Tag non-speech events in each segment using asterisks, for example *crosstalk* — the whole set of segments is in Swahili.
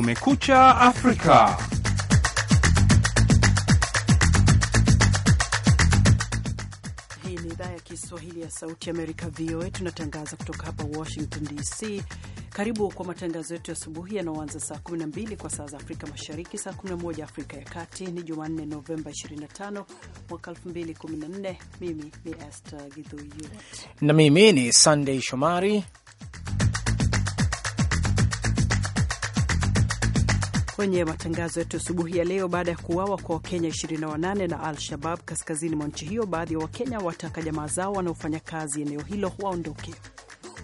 Kumekucha Afrika. Hii ni idhaa ya Kiswahili ya Sauti Amerika, VOA. Tunatangaza kutoka hapa Washington DC. Karibu kwa matangazo yetu ya asubuhi yanaoanza saa 12 kwa saa za Afrika Mashariki, saa 11 Afrika ya Kati. Ni Jumanne, Novemba 25 mwaka 2014. Mimi ni Esther Gidhuyu na mimi ni sandey Shomari kwenye matangazo yetu asubuhi ya leo. Baada ya kuuawa kwa Wakenya 28 na Al-Shabab kaskazini mwa nchi hiyo, baadhi ya wa Wakenya wataka jamaa zao wanaofanya kazi eneo hilo waondoke.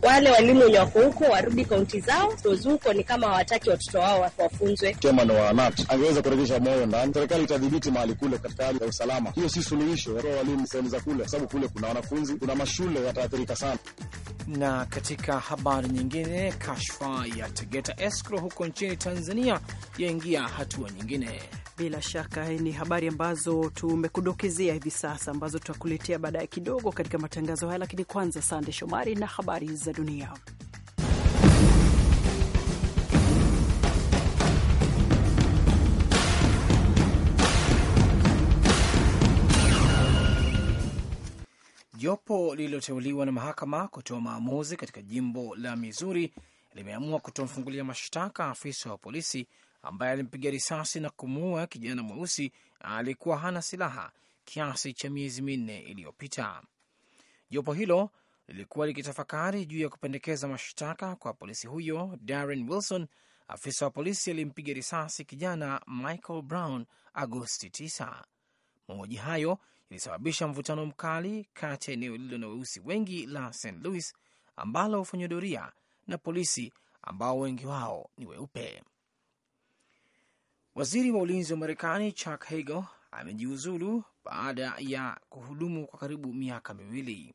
Wale wenye wako huko warudi kaunti zao huko, ni kama hawataki watoto wao wafunzwe. Chairman wa ANAT angeweza kurejesha moyo ndani, serikali itadhibiti mahali kule katika hali ya usalama. Hiyo si suluhisho, walimu sehemu za kule, kwa sababu kule kuna wanafunzi, kuna mashule yataathirika sana. Na katika habari nyingine, kashfa ya Tegeta Escrow huko nchini Tanzania yaingia hatua nyingine. Bila shaka ni habari ambazo tumekudokezea hivi sasa, ambazo tutakuletea baadaye kidogo katika matangazo haya, lakini kwanza, Sande Shomari na habari za dunia. Jopo lililoteuliwa na mahakama kutoa maamuzi katika jimbo la Mizuri limeamua kutomfungulia mashtaka afisa wa polisi ambaye alimpiga risasi na kumuua kijana mweusi alikuwa hana silaha kiasi cha miezi minne iliyopita. Jopo hilo lilikuwa likitafakari juu ya kupendekeza mashtaka kwa polisi huyo Darren Wilson, afisa wa polisi alimpiga risasi kijana Michael Brown Agosti 9. Mauaji hayo ilisababisha mvutano mkali kati ya eneo lililo na weusi wengi la St Louis ambalo hufanywa doria na polisi ambao wengi wao ni weupe. Waziri wa ulinzi wa Marekani Chuck Hagel amejiuzulu baada ya kuhudumu kwa karibu miaka miwili.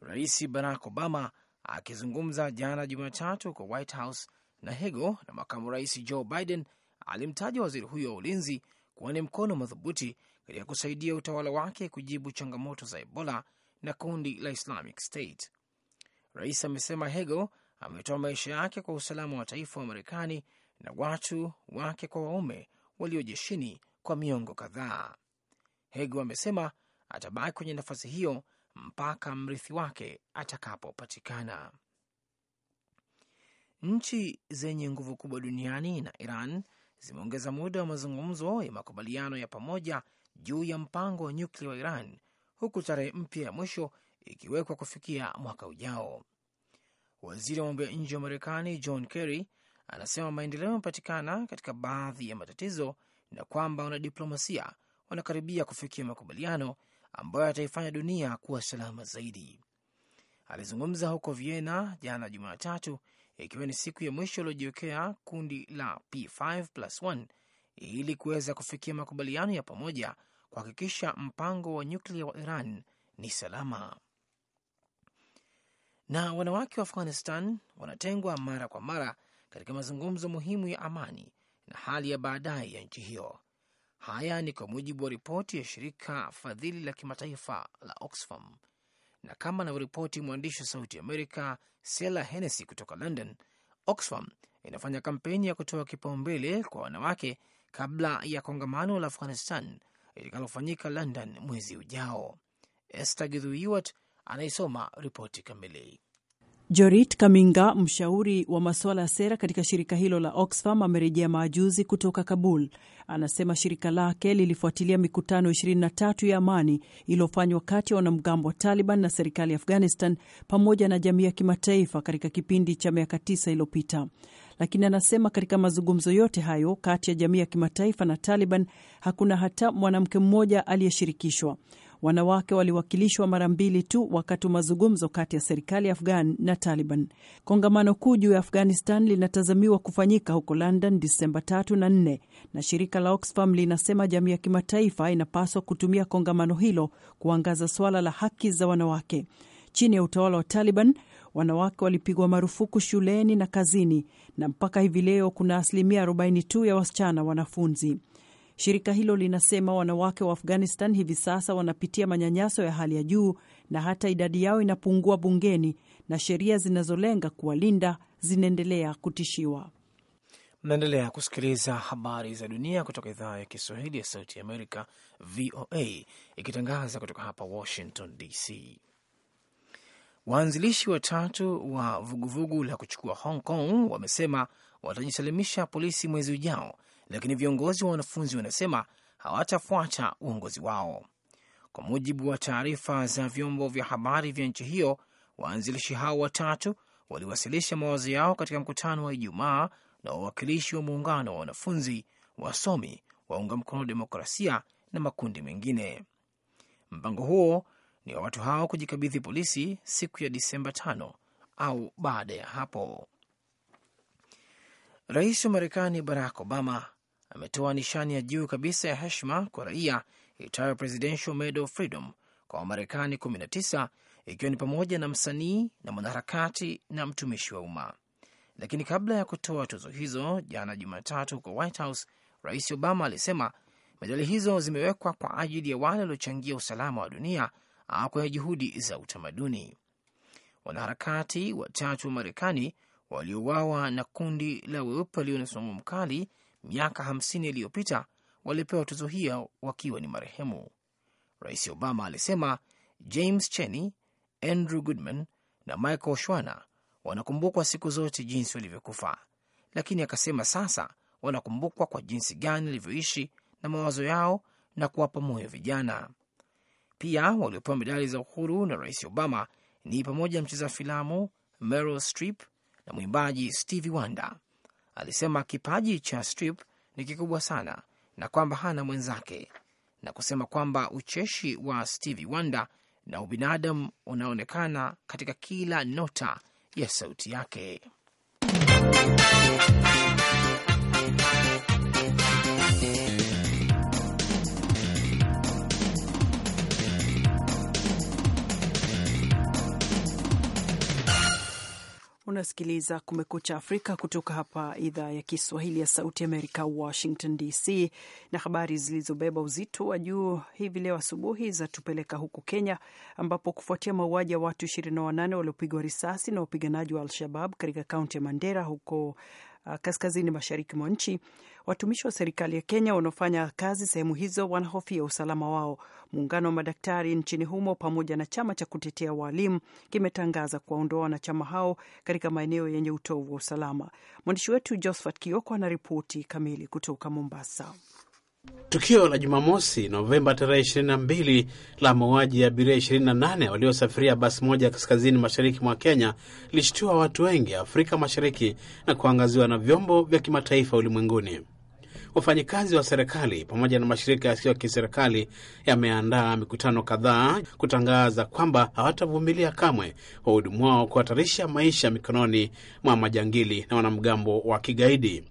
Rais Barack Obama akizungumza jana Jumatatu kwa White House na Hagel na makamu rais Joe Biden alimtaja waziri huyo wa ulinzi kuwa ni mkono madhubuti katika kusaidia utawala wake kujibu changamoto za Ebola na kundi la Islamic State. Rais amesema hego ametoa maisha yake kwa usalama wa taifa wa Marekani na watu wake kwa waume waliojeshini kwa miongo kadhaa. hego amesema atabaki kwenye nafasi hiyo mpaka mrithi wake atakapopatikana. Nchi zenye nguvu kubwa duniani na Iran zimeongeza muda wa mazungumzo ya makubaliano ya pamoja juu ya mpango wa nyuklia wa Iran, huku tarehe mpya ya mwisho ikiwekwa kufikia mwaka ujao. Waziri wa mambo ya nje wa Marekani John Kerry anasema maendeleo yamepatikana katika baadhi ya matatizo na kwamba wanadiplomasia wanakaribia kufikia makubaliano ambayo yataifanya dunia kuwa salama zaidi. Alizungumza huko Vienna jana Jumatatu, ikiwa ni siku ya mwisho aliojiwekea kundi la P5+1 ili kuweza kufikia makubaliano ya pamoja kuhakikisha mpango wa nyuklia wa Iran ni salama. Na wanawake wa Afghanistan wanatengwa mara kwa mara katika mazungumzo muhimu ya amani na hali ya baadaye ya nchi hiyo. Haya ni kwa mujibu wa ripoti ya shirika fadhili la kimataifa la Oxfam, na kama anavyoripoti mwandishi wa Sauti Amerika Sela Hennessy kutoka London, Oxfam inafanya kampeni ya kutoa kipaumbele kwa wanawake kabla ya kongamano la Afghanistan litakalofanyika London mwezi ujao. Esther Githuiwat anaisoma ripoti kamili. Jorit Kaminga, mshauri wa masuala ya sera katika shirika hilo la Oxfam, amerejea maajuzi kutoka Kabul. Anasema shirika lake lilifuatilia mikutano 23 ya amani iliyofanywa kati ya wanamgambo wa Taliban na serikali ya Afghanistan pamoja na jamii ya kimataifa katika kipindi cha miaka 9 iliyopita lakini anasema katika mazungumzo yote hayo kati ya jamii ya kimataifa na Taliban hakuna hata mwanamke mmoja aliyeshirikishwa. Wanawake waliwakilishwa mara mbili tu wakati wa mazungumzo kati ya serikali ya Afghan na Taliban. Kongamano kuu juu ya Afghanistan linatazamiwa kufanyika huko London Disemba tatu na nne, na shirika la Oxfam linasema jamii ya kimataifa inapaswa kutumia kongamano hilo kuangaza suala la haki za wanawake. Chini ya utawala wa Taliban, wanawake walipigwa marufuku shuleni na kazini, na mpaka hivi leo kuna asilimia 40 tu ya wasichana wanafunzi. Shirika hilo linasema wanawake wa Afghanistan hivi sasa wanapitia manyanyaso ya hali ya juu na hata idadi yao inapungua bungeni na sheria zinazolenga kuwalinda zinaendelea kutishiwa. Mnaendelea kusikiliza habari za dunia kutoka idhaa ya Kiswahili ya Sauti ya Amerika, VOA, ikitangaza kutoka hapa Washington DC. Waanzilishi watatu wa vuguvugu vugu la kuchukua Hong Kong wamesema watajisalimisha polisi mwezi ujao, lakini viongozi wa wanafunzi wanasema hawatafuata uongozi wao. Kwa mujibu wa taarifa za vyombo vya habari vya nchi hiyo, waanzilishi hao watatu waliwasilisha mawazo yao katika mkutano wa Ijumaa na wawakilishi wa muungano wa wanafunzi, wasomi, waunga mkono demokrasia na makundi mengine. Mpango huo ni wa watu hao kujikabidhi polisi siku ya Disemba tano au baada ya hapo. Rais wa Marekani Barack Obama ametoa nishani ya juu kabisa ya heshima kwa raia itayo Presidential Medal of Freedom kwa Wamarekani 19 ikiwa ni pamoja na msanii na mwanaharakati na mtumishi wa umma. Lakini kabla ya kutoa tuzo hizo jana Jumatatu huko White House, Rais Obama alisema medali hizo zimewekwa kwa ajili ya wale waliochangia usalama wa dunia au kwenye juhudi za utamaduni. Wanaharakati watatu wa Marekani waliouawa na kundi la weupe walio na msimamo mkali miaka hamsini iliyopita walipewa tuzo hiyo wakiwa ni marehemu. Rais Obama alisema James Cheney, Andrew Goodman na Michael Shwana wanakumbukwa siku zote jinsi walivyokufa, lakini akasema sasa wanakumbukwa kwa jinsi gani walivyoishi na mawazo yao na kuwapa moyo vijana. Pia waliopewa medali za uhuru na Rais Obama ni pamoja na mcheza filamu Meryl Streep na mwimbaji Stevie Wonder. Alisema kipaji cha Streep ni kikubwa sana na kwamba hana mwenzake, na kusema kwamba ucheshi wa Stevie Wonder na ubinadamu unaonekana katika kila nota ya sauti yake. Unasikiliza Kumekucha Afrika kutoka hapa idhaa ya Kiswahili ya Sauti Amerika, Washington DC. Na habari zilizobeba uzito wa juu hivi leo asubuhi zatupeleka huko Kenya, ambapo kufuatia mauaji ya watu 28 waliopigwa risasi na wapiganaji wa Al-Shabab katika kaunti ya Mandera huko Uh, kaskazini mashariki mwa nchi. Watumishi wa serikali ya Kenya wanaofanya kazi sehemu hizo wanahofia usalama wao. Muungano wa madaktari nchini humo pamoja na chama cha kutetea waalimu kimetangaza kuwaondoa wanachama hao katika maeneo yenye utovu wa usalama. Mwandishi wetu Josphat Kioko anaripoti kamili kutoka Mombasa. Tukio la Jumamosi Novemba tarehe 22 la mauaji ya abiria 28 waliosafiria basi moja kaskazini mashariki mwa Kenya lishtua watu wengi Afrika Mashariki na kuangaziwa na vyombo vya kimataifa ulimwenguni. Wafanyikazi wa serikali pamoja na mashirika yasiyo ya kiserikali yameandaa mikutano kadhaa kutangaza kwamba hawatavumilia kamwe wahudumu wao kuhatarisha maisha mikononi mwa majangili na wanamgambo wa kigaidi.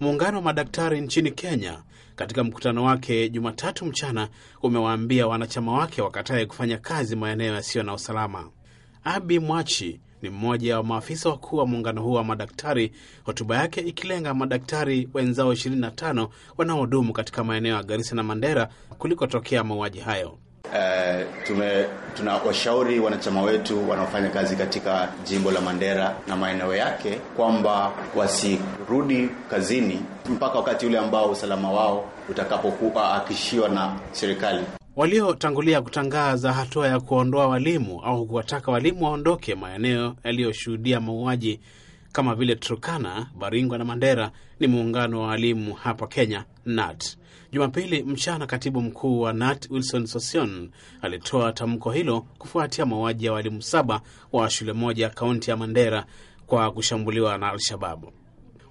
Muungano wa madaktari nchini Kenya katika mkutano wake Jumatatu mchana umewaambia wanachama wake wakatae kufanya kazi maeneo yasiyo na usalama. Abi Mwachi ni mmoja wa maafisa wakuu wa muungano huo wa madaktari, hotuba yake ikilenga madaktari wenzao 25 wanaohudumu katika maeneo ya Garissa na Mandera kulikotokea mauaji hayo. Uh, tume, tuna washauri wanachama wetu wanaofanya kazi katika jimbo la Mandera na maeneo yake kwamba wasirudi kazini mpaka wakati ule ambao usalama wao utakapokuwa akishiwa na serikali. Waliotangulia kutangaza hatua ya kuondoa walimu au kuwataka walimu waondoke maeneo yaliyoshuhudia mauaji kama vile Turkana, Baringwa na Mandera ni muungano wa walimu hapa Kenya, NAT. Jumapili mchana katibu mkuu wa nat Wilson sosion alitoa tamko hilo kufuatia mauaji ya walimu saba wa shule moja kaunti ya Mandera kwa kushambuliwa na Al-Shababu.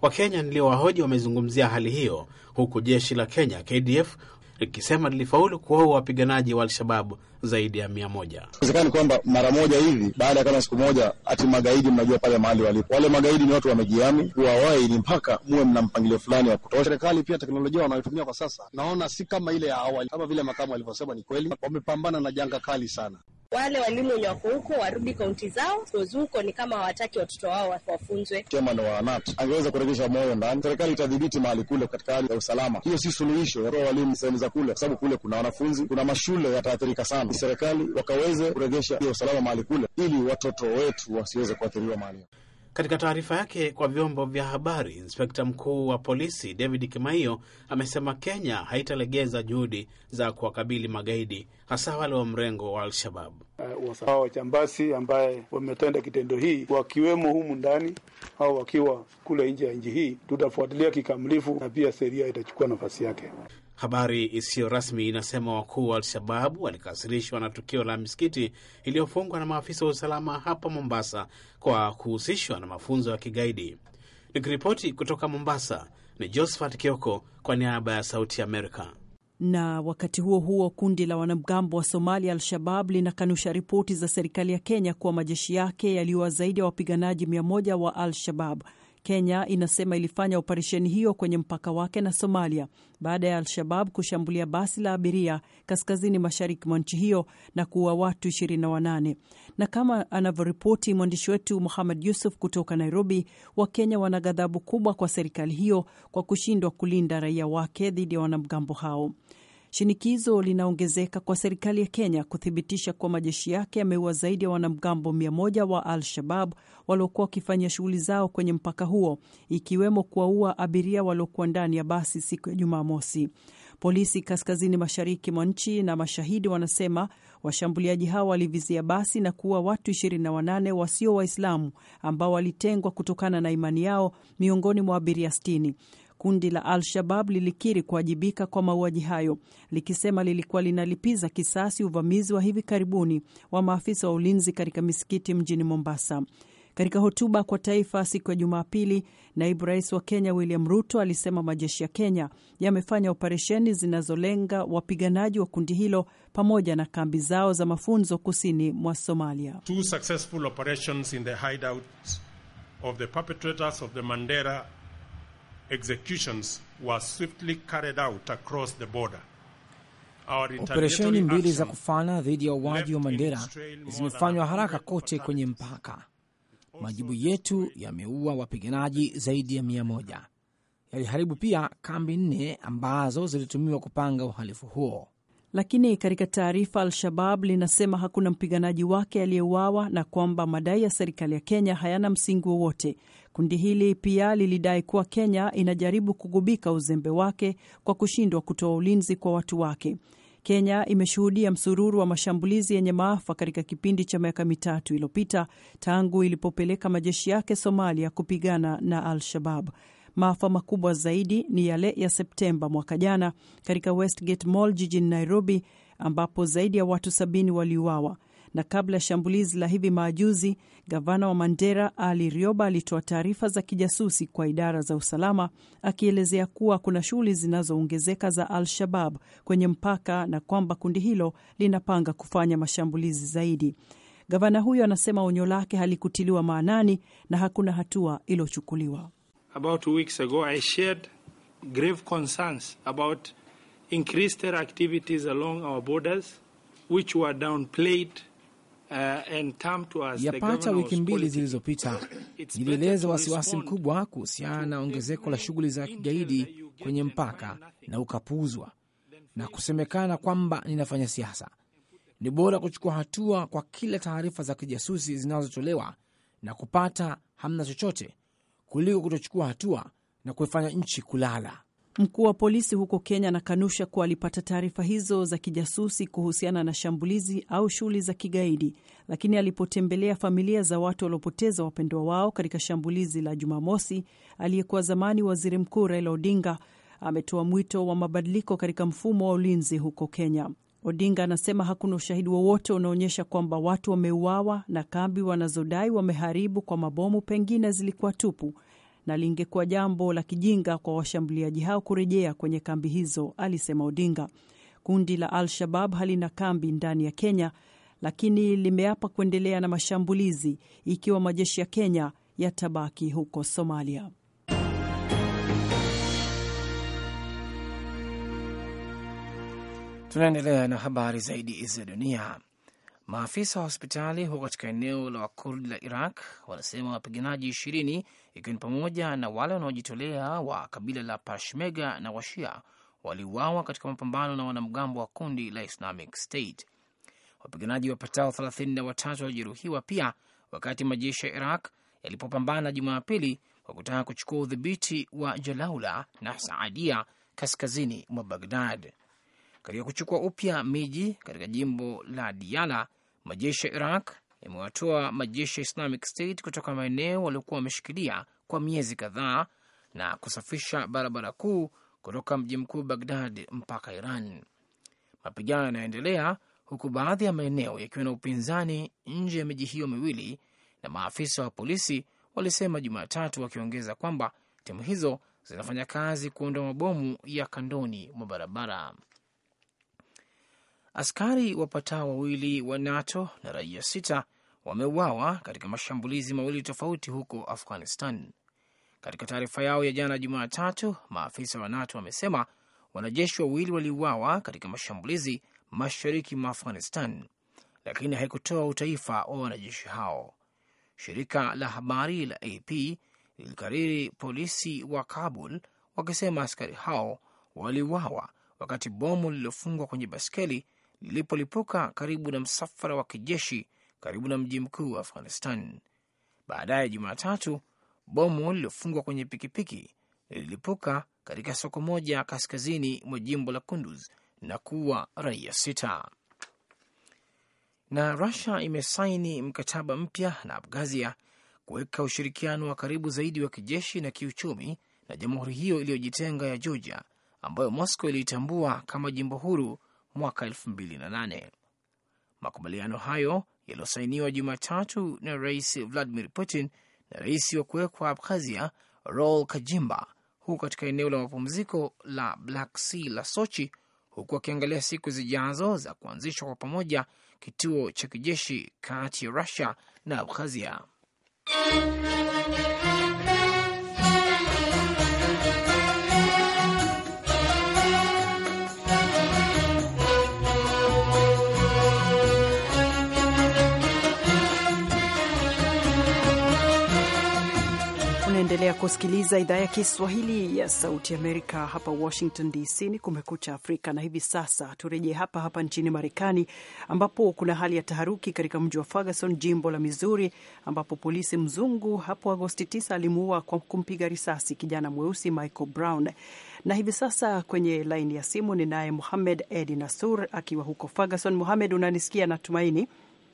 Wakenya niliowahoji wamezungumzia hali hiyo, huku jeshi la Kenya KDF likisema lilifaulu kuwaua wapiganaji wa Alshababu zaidi ya mia moja. Wezekani kwamba mara moja hivi baada ya kama siku moja, ati magaidi mnajua pale mahali walipo wale magaidi, ni watu wamejiami kuwawahi, ni mpaka muwe mna mpangilio fulani wa kutosha. Serikali pia teknolojia wanayotumia kwa sasa naona si kama ile ya awali, kama vile makamu alivyosema, ni kweli wamepambana na janga kali sana wale walimu wenye wako huko warudi kaunti zao. Huko ni kama hawataki watoto wao wafunzwe. Chairman wa ANAT angeweza kurejesha moyo ndani, serikali itadhibiti mahali kule katika hali ya usalama. Hiyo si suluhisho ya walimu sehemu za kule, kwa sababu kule kuna wanafunzi, kuna mashule yataathirika sana. Serikali wakaweze kurejesha hiyo usalama mahali kule, ili watoto wetu wasiweze kuathiriwa mahali katika taarifa yake kwa vyombo vya habari, inspekta mkuu wa polisi David Kimaiyo amesema Kenya haitalegeza juhudi za kuwakabili magaidi, hasa wale wa mrengo wa Al-Shabab. Uh, wachambasi ambaye wametenda kitendo hii wakiwemo humu ndani au wakiwa kule nje ya nchi hii, tutafuatilia kikamilifu na pia sheria itachukua nafasi yake. Habari isiyo rasmi inasema wakuu wa Al-Shababu walikasirishwa na tukio la misikiti iliyofungwa na maafisa wa usalama hapa Mombasa kwa kuhusishwa na mafunzo ya kigaidi. Nikiripoti kutoka Mombasa ni Josephat Kioko kwa niaba ya Sauti Amerika. Na wakati huo huo, kundi la wanamgambo wa Somalia Al-Shabab linakanusha ripoti za serikali ya Kenya kuwa majeshi yake yaliua zaidi ya wapiganaji mia moja wa Al-Shabab Kenya inasema ilifanya operesheni hiyo kwenye mpaka wake na Somalia baada ya Al-Shabab kushambulia basi la abiria kaskazini mashariki mwa nchi hiyo na kuua watu 28. Na kama anavyoripoti mwandishi wetu Muhammad Yusuf kutoka Nairobi, Wakenya wana ghadhabu kubwa kwa serikali hiyo kwa kushindwa kulinda raia wake dhidi ya wanamgambo hao. Shinikizo linaongezeka kwa serikali ya Kenya kuthibitisha kuwa majeshi yake yameua zaidi ya wanamgambo 100 wa Al-Shabab waliokuwa wakifanya shughuli zao kwenye mpaka huo, ikiwemo kuwaua abiria waliokuwa ndani ya basi siku ya Jumamosi. Polisi kaskazini mashariki mwa nchi na mashahidi wanasema washambuliaji hao walivizia basi na kuua watu 28 wasio Waislamu ambao walitengwa kutokana na imani yao miongoni mwa abiria 60. Kundi la Al-Shabab lilikiri kuwajibika kwa mauaji hayo likisema lilikuwa linalipiza kisasi uvamizi wa hivi karibuni wa maafisa wa ulinzi katika misikiti mjini Mombasa. Katika hotuba kwa taifa siku ya Jumapili, naibu rais wa Kenya William Ruto alisema majeshi ya Kenya yamefanya operesheni zinazolenga wapiganaji wa kundi hilo pamoja na kambi zao za mafunzo kusini mwa Somalia. Two successful operations in the hideout of the perpetrators of the Mandera executions were swiftly carried out across the border. Operesheni mbili za kufana dhidi ya uwaji wa Mandera zimefanywa haraka kote kwenye mpaka. Majibu yetu yameua wapiganaji zaidi ya mia moja, yaliharibu pia kambi nne ambazo zilitumiwa kupanga uhalifu huo lakini katika taarifa Al-Shabab linasema hakuna mpiganaji wake aliyeuawa na kwamba madai ya serikali ya Kenya hayana msingi wowote. Kundi hili pia lilidai kuwa Kenya inajaribu kugubika uzembe wake kwa kushindwa kutoa ulinzi kwa watu wake. Kenya imeshuhudia msururu wa mashambulizi yenye maafa katika kipindi cha miaka mitatu iliyopita tangu ilipopeleka majeshi yake Somalia kupigana na Al-Shabab. Maafa makubwa zaidi ni yale ya Septemba mwaka jana katika Westgate Mall jijini Nairobi, ambapo zaidi ya watu sabini waliuawa. Na kabla ya shambulizi la hivi maajuzi gavana wa Mandera Ali Rioba alitoa taarifa za kijasusi kwa idara za usalama akielezea kuwa kuna shughuli zinazoongezeka za Al-Shabab kwenye mpaka na kwamba kundi hilo linapanga kufanya mashambulizi zaidi. Gavana huyo anasema onyo lake halikutiliwa maanani na hakuna hatua iliyochukuliwa about two weeks ago, I shared grave concerns about increased terror activities along our borders, which were downplayed Uh, yapata wiki mbili zilizopita nilieleza wasiwasi mkubwa kuhusiana na ongezeko la shughuli za kigaidi kwenye mpaka na ukapuuzwa na kusemekana kwamba ninafanya siasa. Ni bora kuchukua hatua kwa kila taarifa za kijasusi zinazotolewa na kupata hamna chochote kuliko kutochukua hatua na kuifanya nchi kulala. Mkuu wa polisi huko Kenya anakanusha kuwa alipata taarifa hizo za kijasusi kuhusiana na shambulizi au shughuli za kigaidi, lakini alipotembelea familia za watu waliopoteza wapendwa wao katika shambulizi la Jumamosi, aliyekuwa zamani waziri mkuu Raila Odinga ametoa mwito wa mabadiliko katika mfumo wa ulinzi huko Kenya. Odinga anasema hakuna ushahidi wowote unaonyesha kwamba watu wameuawa na kambi wanazodai wameharibu kwa mabomu pengine zilikuwa tupu na lingekuwa jambo la kijinga kwa washambuliaji hao kurejea kwenye kambi hizo, alisema Odinga. Kundi la Al-Shabab halina kambi ndani ya Kenya, lakini limeapa kuendelea na mashambulizi ikiwa majeshi ya Kenya yatabaki huko Somalia. Tunaendelea na habari zaidi za dunia. Maafisa wa hospitali huko katika eneo la wakurdi la Iraq wanasema wapiganaji ishirini ikiwa ni pamoja na wale wanaojitolea wa kabila la Peshmerga na Washia waliuawa katika mapambano na wanamgambo wa kundi la Islamic State. Wapiganaji wapatao thelathini na watatu walijeruhiwa pia wakati majeshi ya Iraq yalipopambana Jumapili kwa kutaka kuchukua udhibiti wa Jalaula na Saadia kaskazini mwa Bagdad. Katika kuchukua upya miji katika jimbo la diala majeshi ya Iraq yamewatoa majeshi ya Islamic State kutoka maeneo waliokuwa wameshikilia kwa miezi kadhaa na kusafisha barabara kuu kutoka mji mkuu Bagdad mpaka Iran. Mapigano yanayoendelea huku baadhi ya maeneo yakiwa na upinzani nje ya miji hiyo miwili, na maafisa wa polisi walisema Jumatatu, wakiongeza kwamba timu hizo zinafanya kazi kuondoa mabomu ya kandoni mwa barabara. Askari wapatao wawili wa NATO na raia sita wameuawa katika mashambulizi mawili tofauti huko Afghanistan. Katika taarifa yao ya jana Jumatatu, maafisa wa NATO wamesema wanajeshi wawili waliuawa katika mashambulizi mashariki mwa Afghanistan, lakini haikutoa utaifa wa wanajeshi hao. Shirika la habari la AP lilikariri polisi wa Kabul wakisema askari hao waliuawa wakati bomu lililofungwa kwenye baskeli lilipolipuka karibu na msafara wa kijeshi karibu na mji mkuu wa Afghanistan. Baadaye Jumatatu, bomu lililofungwa kwenye pikipiki lililipuka katika soko moja kaskazini mwa jimbo la Kunduz na kuwa raia sita. Na Rusia imesaini mkataba mpya na abgazia kuweka ushirikiano wa karibu zaidi wa kijeshi na kiuchumi na jamhuri hiyo iliyojitenga ya Georgia ambayo Moscow iliitambua kama jimbo huru mwaka 2008. Makubaliano hayo yaliyosainiwa Jumatatu na Rais Vladimir Putin na rais wa kuwekwa Abkhazia Rol Kajimba huko katika eneo la mapumziko la Black Sea la Sochi, huku akiangalia siku zijazo za kuanzishwa kwa pamoja kituo cha kijeshi kati ya Rusia na Abkhazia. Unaendelea kusikiliza idhaa ya Kiswahili ya Sauti Amerika hapa Washington DC. Ni Kumekucha Afrika, na hivi sasa turejee hapa hapa nchini Marekani, ambapo kuna hali ya taharuki katika mji wa Ferguson, jimbo la mizuri ambapo polisi mzungu hapo Agosti 9 alimuua kwa kumpiga risasi kijana mweusi Michael Brown. Na hivi sasa kwenye laini ya simu ninaye Muhamed Edi Nasur akiwa huko Ferguson. Muhamed, unanisikia natumaini?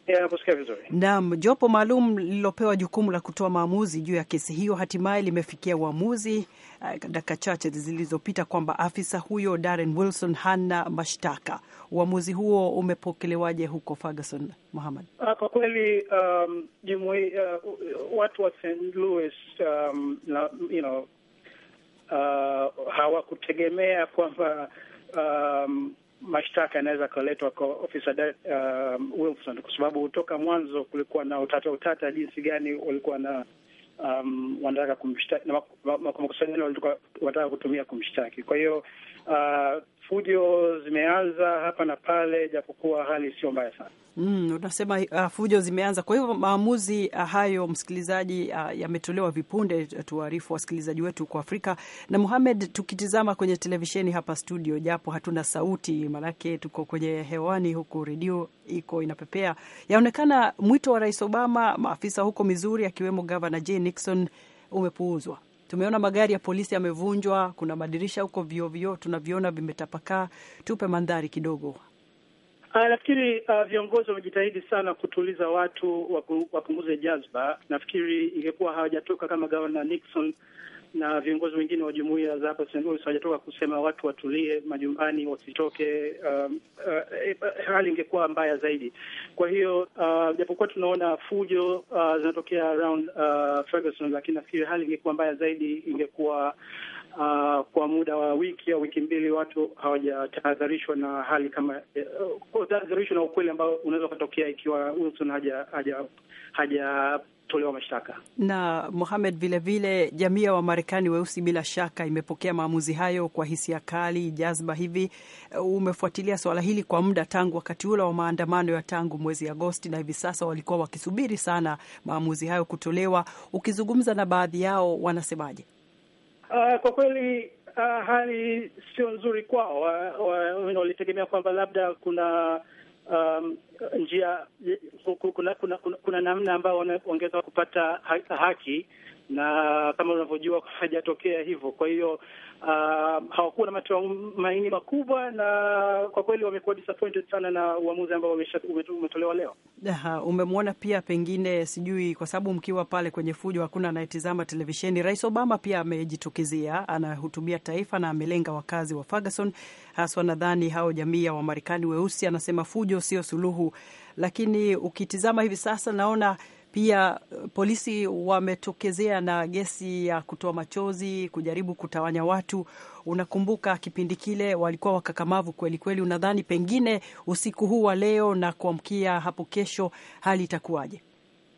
Eh, nam Naam, jopo maalum lililopewa jukumu la kutoa maamuzi juu ya kesi hiyo hatimaye limefikia uamuzi eh, dakika chache zilizopita kwamba afisa huyo Darren Wilson hana mashtaka. Uamuzi huo umepokelewaje huko Ferguson, Muhammad? Ah, kwa kweli um, jumui, uh, watu wa St. Louis um, na, you know, uh, hawakutegemea kwamba um, mashtaka yanaweza kaletwa kwa ofisa uh, Wilson, kwa sababu toka mwanzo kulikuwa na utata utata jinsi gani walikuwa na um, wanataka kumshtaki na makusanyano wanataka kutumia kumshtaki. Kwa hiyo uh, fujo zimeanza hapa na pale, japokuwa hali sio mbaya sana. Mm, unasema uh, fujo zimeanza. Kwa hivyo maamuzi uh, hayo msikilizaji, uh, yametolewa vipunde, tuwaarifu wasikilizaji wetu kwa Afrika na Muhamed. Tukitizama kwenye televisheni hapa studio, japo hatuna sauti, maanake tuko kwenye hewani, huku redio iko inapepea, yaonekana mwito wa Rais Obama, maafisa huko Mizuri akiwemo Gavana J Nixon umepuuzwa. Tumeona magari ya polisi yamevunjwa, kuna madirisha huko vioo tunavyoona vimetapakaa. Tupe mandhari kidogo. Ah, nafikiri uh, viongozi wamejitahidi sana kutuliza watu, wapunguze jazba. Nafikiri ingekuwa hawajatoka kama gavana Nixon na viongozi wengine wa jumuiya za hapa hawajatoka kusema watu watulie majumbani wasitoke. Um, uh, hali ingekuwa mbaya zaidi. Kwa hiyo uh, japokuwa uh, tunaona fujo uh, zinatokea around uh, Ferguson, lakini nafikiri hali ingekuwa mbaya zaidi ingekuwa Uh, kwa muda wa wiki au wiki mbili watu hawajatahadharishwa na hali kama uh, tahadharishwa na ukweli ambao unaweza ukatokea ikiwa Wilson haja haja kutolewa mashtaka. Na Mohamed, vilevile jamii ya Wamarekani weusi bila shaka imepokea maamuzi hayo kwa hisia kali, jazba. Hivi uh, umefuatilia swala hili kwa muda tangu wakati ule wa maandamano ya tangu mwezi Agosti, na hivi sasa walikuwa wakisubiri sana maamuzi hayo kutolewa. Ukizungumza na baadhi yao wanasemaje? Uh, kwa kweli uh, hali sio nzuri kwao. Walitegemea uh, uh wa, kwamba labda kuna um, njia kuna, kuna, kuna, kuna namna ambayo wanaongeza kupata haki na kama unavyojua hajatokea hivyo. Kwa hiyo uh, hawakuwa na matumaini makubwa, na kwa kweli wamekuwa disappointed sana na uamuzi ambao umetolewa leo. Aha, umemwona pia pengine, sijui kwa sababu mkiwa pale kwenye fujo hakuna anayetizama televisheni. Rais Obama pia amejitukizia anahutubia taifa na amelenga wakazi wa Ferguson, haswa nadhani hao jamii ya Wamarekani weusi. Anasema fujo sio suluhu, lakini ukitizama hivi sasa naona pia eh, polisi wametokezea na gesi ya kutoa machozi kujaribu kutawanya watu. Unakumbuka kipindi kile walikuwa wakakamavu kweli kweli. Unadhani pengine usiku huu wa leo na kuamkia hapo kesho hali itakuwaje?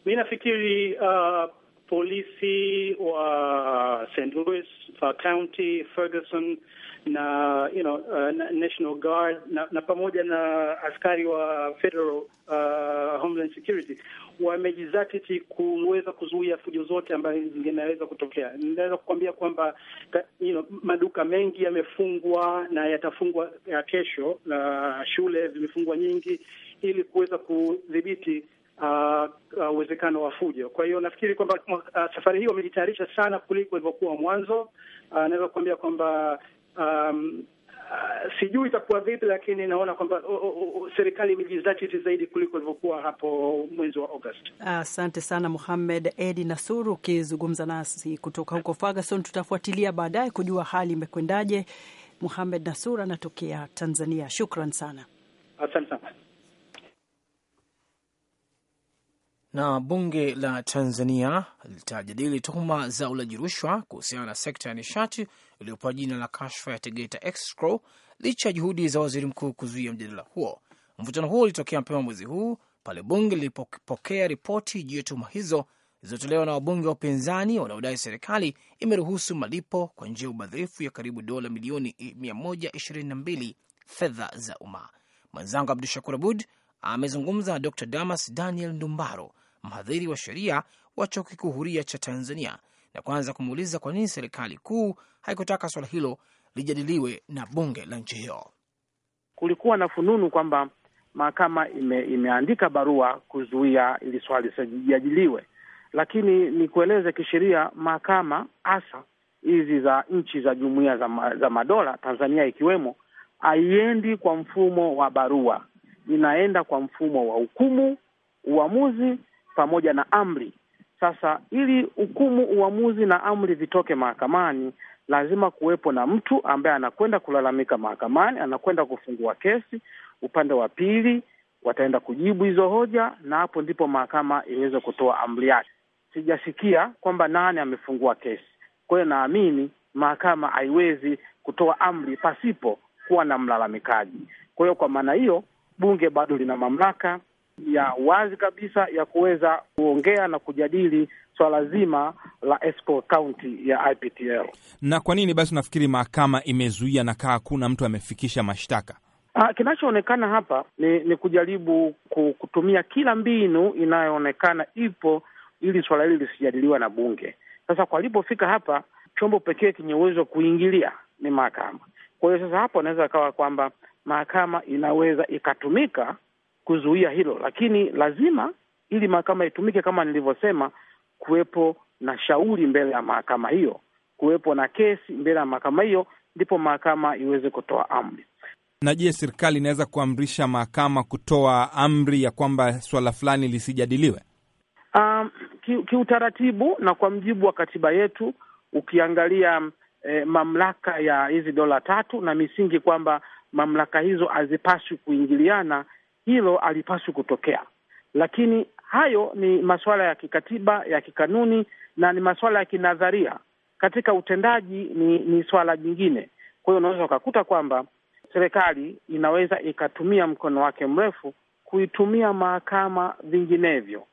Mi nafikiri uh, polisi wa St Louis uh, County, Ferguson na you know, uh, National Guard na, na pamoja na askari wa Federal uh, Homeland Security wamejizatiti kuweza kuzuia fujo zote ambazo zinaweza kutokea. Ninaweza kukwambia kwamba you know, maduka mengi yamefungwa na yatafungwa ya kesho, na shule zimefungwa nyingi ili kuweza kudhibiti uwezekano uh, uh, wa fujo. Kwa hiyo nafikiri kwamba uh, safari hii wamejitayarisha sana kuliko ilivyokuwa mwanzo. Uh, naweza kukwambia kwamba um, Ah, sijui itakuwa vipi, lakini naona kwamba serikali imejizatiti zaidi kuliko ilivyokuwa hapo mwezi wa Agosti. Asante sana Muhamed Edi Nasuru ukizungumza nasi kutoka huko Ferguson. Tutafuatilia baadaye kujua hali imekwendaje. Muhamed Nasur anatokea Tanzania. Shukran sana, asante sana. Na bunge la Tanzania litajadili tuhuma za ulaji rushwa kuhusiana na sekta ya nishati iliyopewa jina la kashfa ya Tegeta Escrow licha ya juhudi za waziri mkuu kuzuia mjadala huo. Mvutano huo ulitokea mapema mwezi huu pale bunge lilipokea ripoti juu ya tuhuma hizo zilizotolewa na wabunge wa upinzani wanaodai serikali imeruhusu malipo kwa njia ya ubadhirifu ya karibu dola milioni 122 fedha za umma. Mwenzangu Abdu Shakur Abud amezungumza na Dr Damas Daniel Ndumbaro, mhadhiri wa sheria wa Chuo Kikuu Huria cha Tanzania, na kwanza kumuuliza kwa nini serikali kuu haikutaka swala hilo lijadiliwe na bunge la nchi hiyo. Kulikuwa na fununu kwamba mahakama ime, imeandika barua kuzuia ili swali lisijadiliwe, lakini nikueleze kisheria, mahakama hasa hizi za nchi za jumuiya za, ma, za madola Tanzania ikiwemo haiendi kwa mfumo wa barua inaenda kwa mfumo wa hukumu, uamuzi pamoja na amri. Sasa ili hukumu, uamuzi na amri vitoke mahakamani, lazima kuwepo na mtu ambaye anakwenda kulalamika mahakamani, anakwenda kufungua kesi. Upande wa pili wataenda kujibu hizo hoja, na hapo ndipo mahakama iweze kutoa amri yake. Sijasikia kwamba nani amefungua kesi, kwa hiyo naamini mahakama haiwezi kutoa amri pasipo kuwa na mlalamikaji. Kwa hiyo kwa maana hiyo bunge bado lina mamlaka ya wazi kabisa ya kuweza kuongea na kujadili swala so zima la Esco County ya IPTL. Na kwa nini basi unafikiri mahakama imezuia na kaa hakuna mtu amefikisha mashtaka? Ah, kinachoonekana hapa ni, ni kujaribu kutumia kila mbinu inayoonekana ipo ili swala hili lisijadiliwa na bunge. Sasa kwalipofika hapa, chombo pekee chenye uwezo wa kuingilia ni mahakama. Kwa hiyo sasa hapo anaweza akawa kwamba mahakama inaweza ikatumika kuzuia hilo, lakini lazima ili mahakama itumike, kama nilivyosema, kuwepo na shauri mbele ya mahakama hiyo, kuwepo na kesi mbele ya mahakama hiyo, ndipo mahakama iweze kutoa amri. Na je, serikali inaweza kuamrisha mahakama kutoa amri ya kwamba swala fulani lisijadiliwe? Um, kiutaratibu ki na kwa mjibu wa katiba yetu ukiangalia eh, mamlaka ya hizi dola tatu na misingi kwamba mamlaka hizo hazipaswi kuingiliana, hilo alipaswi kutokea. Lakini hayo ni masuala ya kikatiba ya kikanuni na ni masuala ya kinadharia. Katika utendaji ni, ni swala jingine. Kwa hiyo unaweza ukakuta kwamba serikali inaweza ikatumia mkono wake mrefu kuitumia mahakama vinginevyo,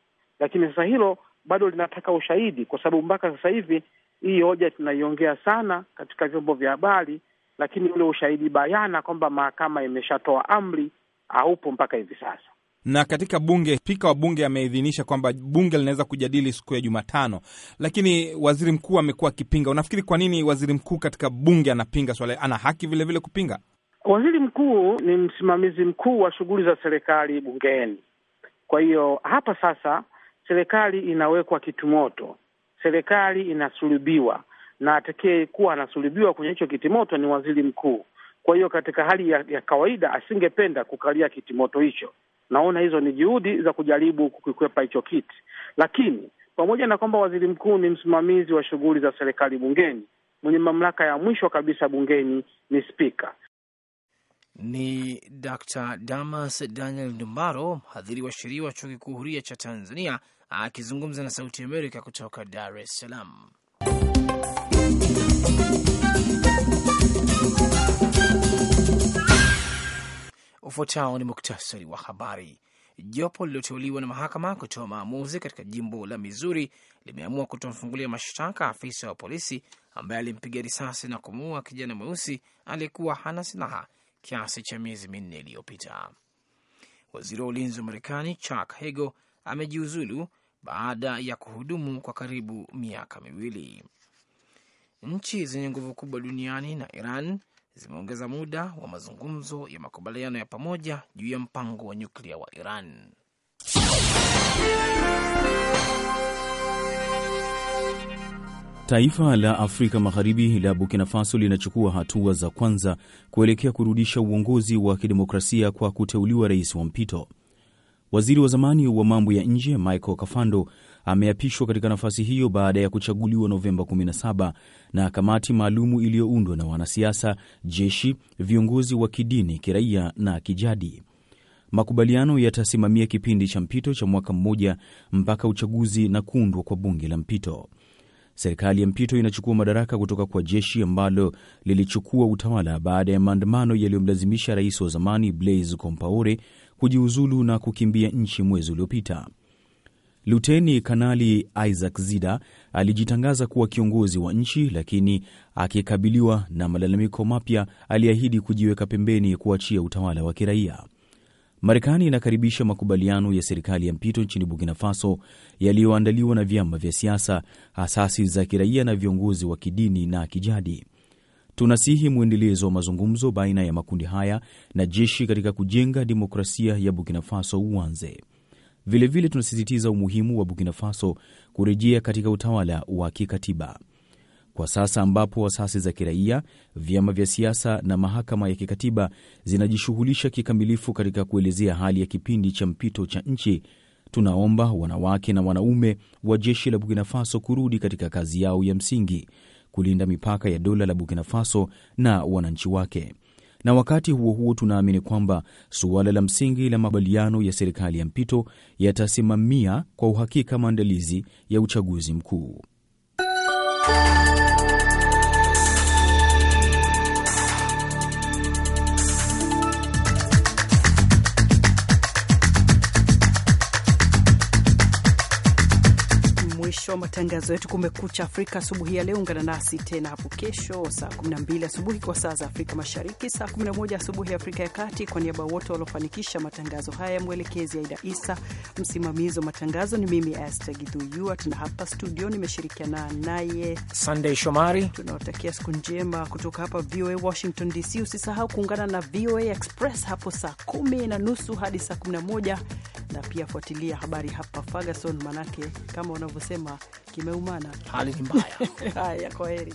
lakini sasa hilo bado linataka ushahidi, kwa sababu mpaka sasa hivi hii hoja tunaiongea sana katika vyombo vya habari lakini ule ushahidi bayana kwamba mahakama imeshatoa amri haupo mpaka hivi sasa. Na katika bunge, spika wa bunge ameidhinisha kwamba bunge linaweza kujadili siku ya Jumatano, lakini waziri mkuu amekuwa akipinga. Unafikiri kwa nini waziri mkuu katika bunge anapinga swala? Ana haki vilevile vile kupinga. Waziri mkuu ni msimamizi mkuu wa shughuli za serikali bungeni. Kwa hiyo hapa sasa serikali inawekwa kitumoto, serikali inasulubiwa na atakayekuwa anasulubiwa kwenye hicho kitimoto ni waziri mkuu. Kwa hiyo katika hali ya, ya kawaida asingependa kukalia kitimoto hicho. Naona hizo ni juhudi za kujaribu kukikwepa hicho kiti, lakini pamoja na kwamba waziri mkuu ni msimamizi wa shughuli za serikali bungeni, mwenye mamlaka ya mwisho kabisa bungeni ni spika. Ni Dr. Damas Daniel Ndumbaro, mhadhiri wa sheria wa chuo kikuu huria cha Tanzania, akizungumza na Sauti ya Amerika kutoka Dar es Salaam. Ufuatao ni muktasari wa habari. Jopo lililoteuliwa na mahakama kutoa maamuzi katika jimbo la Mizuri limeamua kutomfungulia mashtaka afisa wa polisi ambaye alimpiga risasi na kumuua kijana mweusi aliyekuwa hana silaha kiasi cha miezi minne iliyopita. Waziri wa ulinzi wa Marekani Chuck Hagel amejiuzulu baada ya kuhudumu kwa karibu miaka miwili. Nchi zenye nguvu kubwa duniani na Iran zimeongeza muda wa mazungumzo ya makubaliano ya pamoja juu ya mpango wa nyuklia wa Iran. Taifa la Afrika Magharibi la Burkina Faso linachukua hatua za kwanza kuelekea kurudisha uongozi wa kidemokrasia kwa kuteuliwa rais wa mpito. Waziri wa zamani wa mambo ya nje Michael Kafando ameapishwa katika nafasi hiyo baada ya kuchaguliwa Novemba 17 na kamati maalumu iliyoundwa na wanasiasa, jeshi, viongozi wa kidini, kiraia na kijadi. Makubaliano yatasimamia kipindi cha mpito cha mwaka mmoja mpaka uchaguzi na kuundwa kwa bunge la mpito. Serikali ya mpito inachukua madaraka kutoka kwa jeshi ambalo lilichukua utawala baada ya maandamano yaliyomlazimisha rais wa zamani Blaise Compaore kujiuzulu na kukimbia nchi mwezi uliopita. Luteni Kanali Isaac Zida alijitangaza kuwa kiongozi wa nchi, lakini akikabiliwa na malalamiko mapya aliahidi kujiweka pembeni kuachia utawala wa kiraia. Marekani inakaribisha makubaliano ya serikali ya mpito nchini Burkina Faso yaliyoandaliwa na vyama vya siasa, asasi za kiraia na viongozi wa kidini na kijadi. Tunasihi mwendelezo wa mazungumzo baina ya makundi haya na jeshi katika kujenga demokrasia ya Burkina Faso uanze. Vilevile tunasisitiza umuhimu wa Burkina Faso kurejea katika utawala wa kikatiba kwa sasa ambapo asasi za kiraia, vyama vya siasa na mahakama ya kikatiba zinajishughulisha kikamilifu katika kuelezea hali ya kipindi cha mpito cha nchi. Tunaomba wanawake na wanaume wa jeshi la Burkina Faso kurudi katika kazi yao ya msingi, kulinda mipaka ya dola la Burkina Faso na wananchi wake na wakati huo huo tunaamini kwamba suala la msingi la makubaliano ya serikali ya mpito yatasimamia kwa uhakika maandalizi ya uchaguzi mkuu. mwisho wa matangazo yetu Kumekucha Afrika asubuhi ya leo. Ungana nasi tena hapo kesho saa 12 asubuhi kwa saa za Afrika Mashariki, saa 11 asubuhi Afrika ya Kati. Kwa niaba wote waliofanikisha matangazo haya, mwelekezi Aida Isa, msimamizi wa matangazo ni mimi Astegidhuyuat, na hapa studio nimeshirikiana naye Sandey Shomari. Tunawatakia siku njema kutoka hapa VOA Washington DC. Usisahau kuungana na VOA Express hapo saa kumi na nusu hadi saa 11 na pia fuatilia habari hapa Ferguson, manake kama wanavyosema kimeumana, hali ni mbaya. *laughs* Haya, kwa heri.